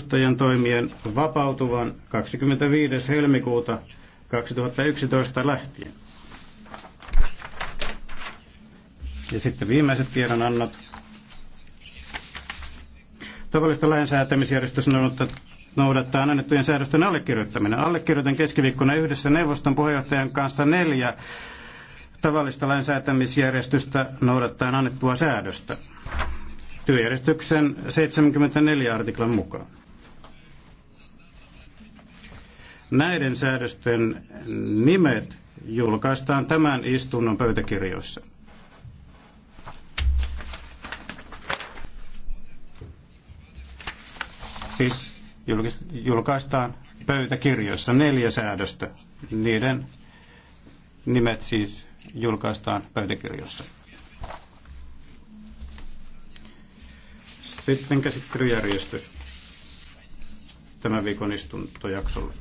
matkustajan toimien vapautuvan 25. helmikuuta 2011 lähtien. Ja sitten viimeiset tiedonannot. Tavallista lainsäätämisjärjestys noudattaa annettujen säädösten allekirjoittaminen. Allekirjoitan keskiviikkona yhdessä neuvoston puheenjohtajan kanssa neljä tavallista lainsäätämisjärjestystä noudattaen annettua säädöstä työjärjestyksen 74 artiklan mukaan. Näiden säädösten nimet julkaistaan tämän istunnon pöytäkirjoissa. Siis julkaistaan pöytäkirjoissa neljä säädöstä. Niiden nimet siis julkaistaan pöytäkirjoissa. Sitten käsittelyjärjestys tämän viikon istuntojaksolle.